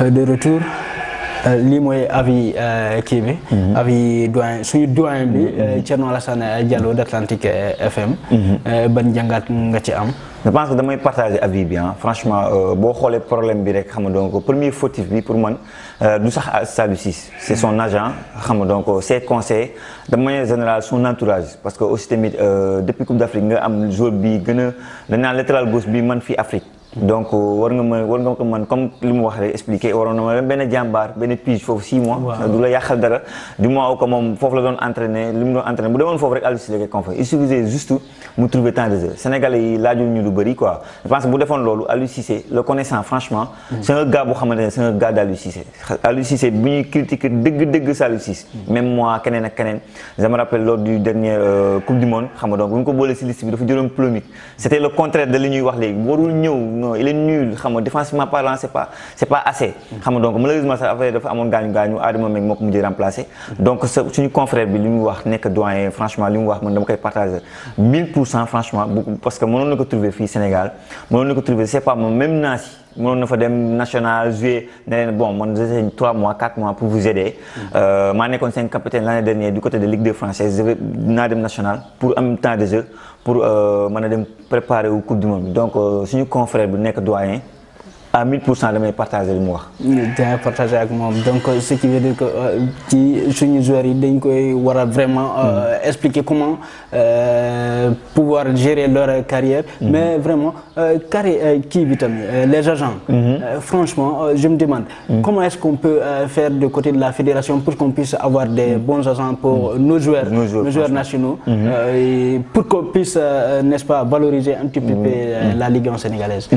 de retour euh, Limoye mooy avis euh, kii bi. Mhm. avis doyen suñu doyen bi. Mhm. Euh, Thierno Alassane Diallo Atlantique FM. Mhm. ban jàngat nga ci am. je pense que damay partager avis bi ah franchement boo xoolee problème bi rek xam donc premier fautif bi pour moi, du sax Saliou Ciss son agent xam nga donc ses conseils de manière générale son entourage parce que aussi tamit depuis Coupe d' Afrique nga am joueur bi gën a dañ naan latéral gauche bi man fii Afrique donc euh, war nga mën war nga ko mën comme limu wax expliquer expliqué waroon na ma benn jàmbaar benn pige fofu 6 mois. du la yàqal dara. di mo ko mom fofu la don entraîner limu mu entraîner entraîné bu demoon fofu rek Aliou Cissé kon il suffisait juste mu trouver temps de jeu Sénégalais yi laajul ñu lu bari quoi je pense bu defon lolu Aliou Cissé le connaissant franchement. Mm. c'est un gars bu xamantene c'est un gars d'Aliou Cissé. Aliou Cissé bu ñuy critiquer deug deug sa même moi kenen ak keneen je me rappelle lors du dernier euh, coupe du monde xam nga donc bu ko bolé ci liste bi dafa jëloon polémique c'était le contraire de li ñuy wax léegi warul ñëw il est nul xam défensivement parlant pas c'est pas assez. donc malheureusement mon gagne, gagne, gagnant Adama à donc confrère franchement 1000 franchement parce que mon ne trouver Sénégal Je ne trouver c'est pas mon même Nancy mënoon na fa dem national joué ne leen bon j'ai 3 mois 4 mois pour vous aider. maa mm-hmm. euh, nekkoon seen capitaine l'année dernière du côté de Ligue 2 française dinaa dem national pour am temps de jeu pour euh, mën dem préparer la coupe du monde donc euh, si nous confrères, bu nekk doyen à 1000% de partagés avec moi. wax. damay partagé avec moi. donc ce qui veut dire que si euh, suñu joueurs joueur, il vraiment euh, mm. expliquer comment euh, pouvoir gérer leur carrière. Mm-hmm. mais vraiment qui qui, les agents. Mm-hmm. franchement je me demande. Mm. comment est-ce qu'on peut faire de côté de la fédération pour qu'on puisse avoir des mm. bons agents pour nos joueurs. nos joueurs nationaux. Mm-hmm. pour qu'on puisse n'est-ce pas valoriser un petit peu la Ligue en sénégalaise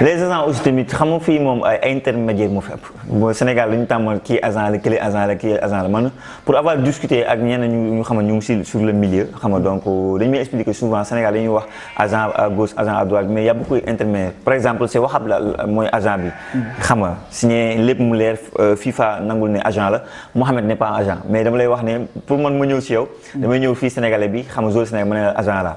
les agents aussi tamit xamou fi mom ay intermédiaire mo fepp ëpp Sénégal dañu tamal ki agent la clé agent la ki agent la man pour avoir discuté ak ñenn ñu ñu xam ñu ngi sur le milieu xam donc dañu may expliquer souvent Sénégal dañuy wax agent à gauche agent à droite mais y a beaucoup intermédiaire par exemple c'est waxab la moy agent bi xam nga signé lepp mu leer euh, FIFA nangul né agent la Mohamed n'est pas agent mais dama lay wax né pour man ma ñëw ci yow dama ñëw fi Sénégalais bi xam nga zone Sénégal ma agent la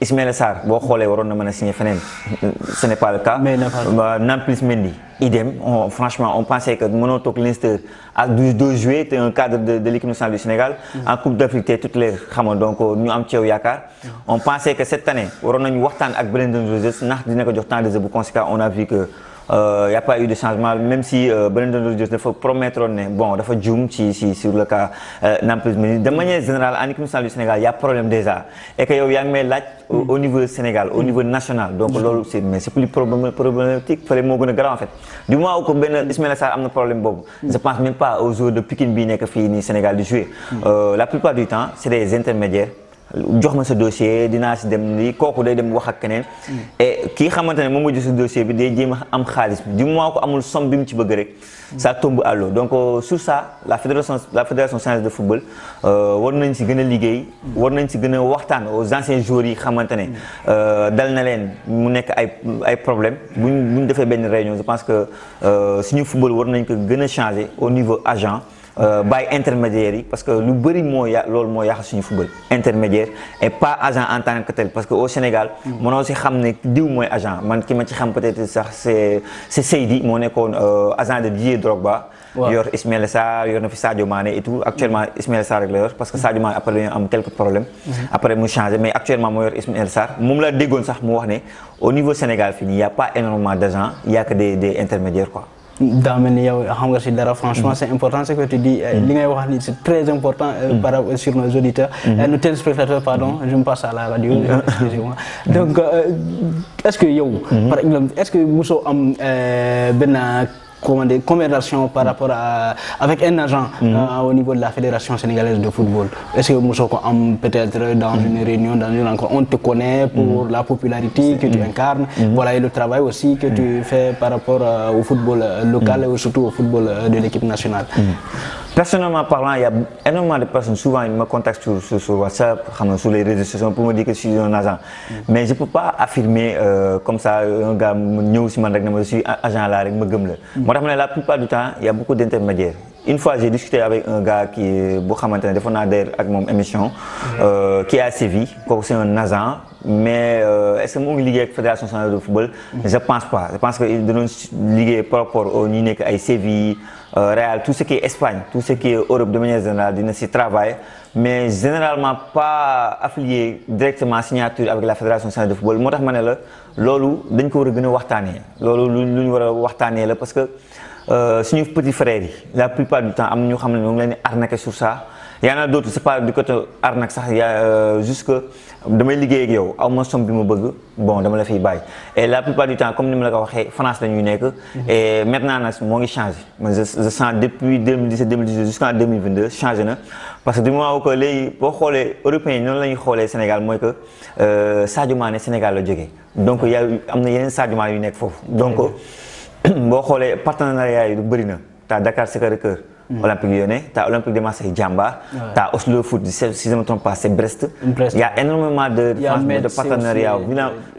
Ismaël Sarr boo xoolee waroon na mën a signer feneen ce n'est pas le cas. Mais Nampalys Mendy idem on, franchement on pensait que Monotok toog Leinster ak du deux jouer te un cadre de de l'équipe nationale du Sénégal. Mm en Coupe d'Afrique te toutes les xamoon donc euh, ñu am ci Yakar. yaakaar. Mm. on pensait que cette année waroon nañu waxtaan ak Brendan Rodgers ndax dina ko jox temps de jeu bu conséquent on a vu que n'y euh, a pas eu de changement même si euh, il faut promettre ne bon dafa juum ci sur le cas euh, de manière générale en économie du y a problème déjà et que y a au niveau Sénégal au niveau national donc mm. c'est plus problématique pour les que en du moins, que problème mm. je pense même pas aux joueurs de Pikine Sénégal de jouer mm. la plupart du temps c'est des intermédiaires jox ma sa dossier dina ci dem lii kooku day dem wax ak keneen. Hmm. et ki xamante ne moom moo dossier bi day jima am xaliss bi du moment amul somme bi mu ci beug rek. Hmm. ça tombe à l'eau donc euh, sur ça la fédération la fédération sénégalaise de football war nañ ci gëna a liggéey. war nañ si gën hmm. waxtaan aux anciens joueurs yi xamante euh dal na leen mu nek ay ay problème buñ buñ defee benn réunion je pense que euh suñu football war nañ ko gëna changer au niveau agent. Euh, by intermédiaire, parce que lu bëri mo ya loolu moo yàq suñu football intermédiaire et pas agent en tant que tel parce que au Sénégal. mon mm. si xamné ne diw mooy agent man ki ma ci xam peut-être sax c'est c'est Seydi moo nekkoon euh, agent de Didier Drogba. yor Ismaël Sarr yor na fi Sadio Mané et tout actuellement mm. Ismaël Sarr rek la yor parce que Sadio Mané après dañoo am quelques problèmes. Mm-hmm. après mu changé mais actuellement mo yor Ismaël Sarr moom la dégone sax mu wax né au niveau Sénégal fini il y a pas énormément d'agents il y a que des des intermédiaires quoi d'amener ni dara franchement c'est important ce que tu dis mm. c'est très important euh, mm. par sur nos auditeurs mm. euh, nos téléspectateurs pardon je me passe à la radio excusez-moi donc euh, est-ce que yo par exemple est-ce que nous am comment des conversations par rapport à avec un agent mm. euh, au niveau de la fédération sénégalaise de football est-ce que Moussoko am peut-être dans mm. une réunion dans une rencontre on te connaît mm. pour la popularité que tu incarnes voilà et le travail aussi que tu fais par rapport euh, au football euh, local et surtout au football de l'équipe nationale Personnellement parlant, il y a énormément de personnes, souvent ils me contactent sur, WhatsApp, sur les réseaux sociaux pour me dire que je suis un agent. Mm-hmm. Mais je ne peux pas affirmer euh, comme ça, un gars, je suis agent là, je suis agent là. La plupart du temps, il y a beaucoup d'intermédiaires une fois j'ai discuté avec un gars qui est à ne émission. Mhm. Euh, qui est à Séville c'est un nazan. mais euh, est-ce que suis lié avec la fédération centrale de football. Mhm. je pense pas je pense que est lié par rapport au ñi à ay Séville euh, Real tout ce qui est Espagne tout ce qui est Europe de manière générale de travail mais généralement pas affilié directement à signature avec la fédération centrale de football Moi, dañ ko parce que. Euh, suñu petits frères frère. la plupart du temps am ñu xam ne ngi sur ça y en a d'autres c'est pas du côté arnaque sax ya euh, jusque damay liggéey ak yow aw ma somme bi bëgg bon dama la fiy bàyyi et la plupart du temps comme ni l'avons la ko waxee France la nekk mhm. et maintenant nag moo ngi changé man je sens depuis 2017 2018 jusqu'en 2022 changé parce que du moment où que léegi boo européens yi noonu la au Sénégal mooy que euh, Sadio Mané Sénégal donc il y a yeneen Sadio Mané yu nekk foofu donc boo partenariat yi du Brune. na t'as Dakar Sacré-Cœur hmm. Olympique Lyonnais as Olympique de Marseille Jamba t'as Oslo Foot si je me trompe pas c'est Brest il y a énormément de partenariats. partenariat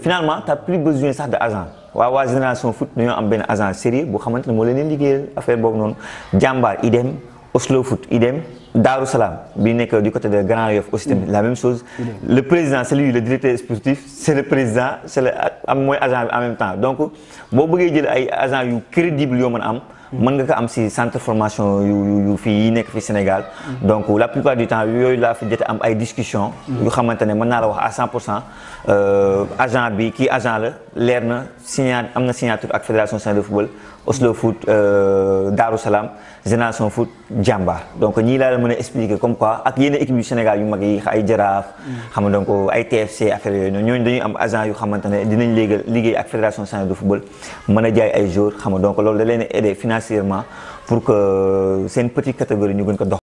finalement n'as plus besoin ça de agent wa wa génération foot dañoo am ben agent sérieux bu xamantene mo moo leen affaire bon non. Jamba idem Oslo Foot idem Darou Salam du côté de Grand Yoff aussi la même chose le président c'est lui le directeur exécutif, c'est le président c'est le agent en même temps donc si vous jël ay agent yu crédible yoo man nga ko am si centre formation yu yu fi nek fi Sénégal mm-hmm. donc la plupart du temps yoy la fi jot am ay discussion mm-hmm. yu xamante ne na la wax à 100% euh agent bi kii agent la leer na signa am signature ak fédération Sénégal de football Oslo mm-hmm. Foot euh, Darou Salam Génération Foot jamba donc ñi la mën a expliquer comme quoi ak yene équipe du Sénégal yu mag yi ay Jaraaf xam donc ay TFC affaire yooyu noonu ñooñu dañuy am agent yu xamante dinañ légal liggéey ak fédération Sénégal de football mën a jaay ay joueurs xam donc loolu da leen aider financièrement financièrement pour que euh, seen petite catégorie ñu gën ko dox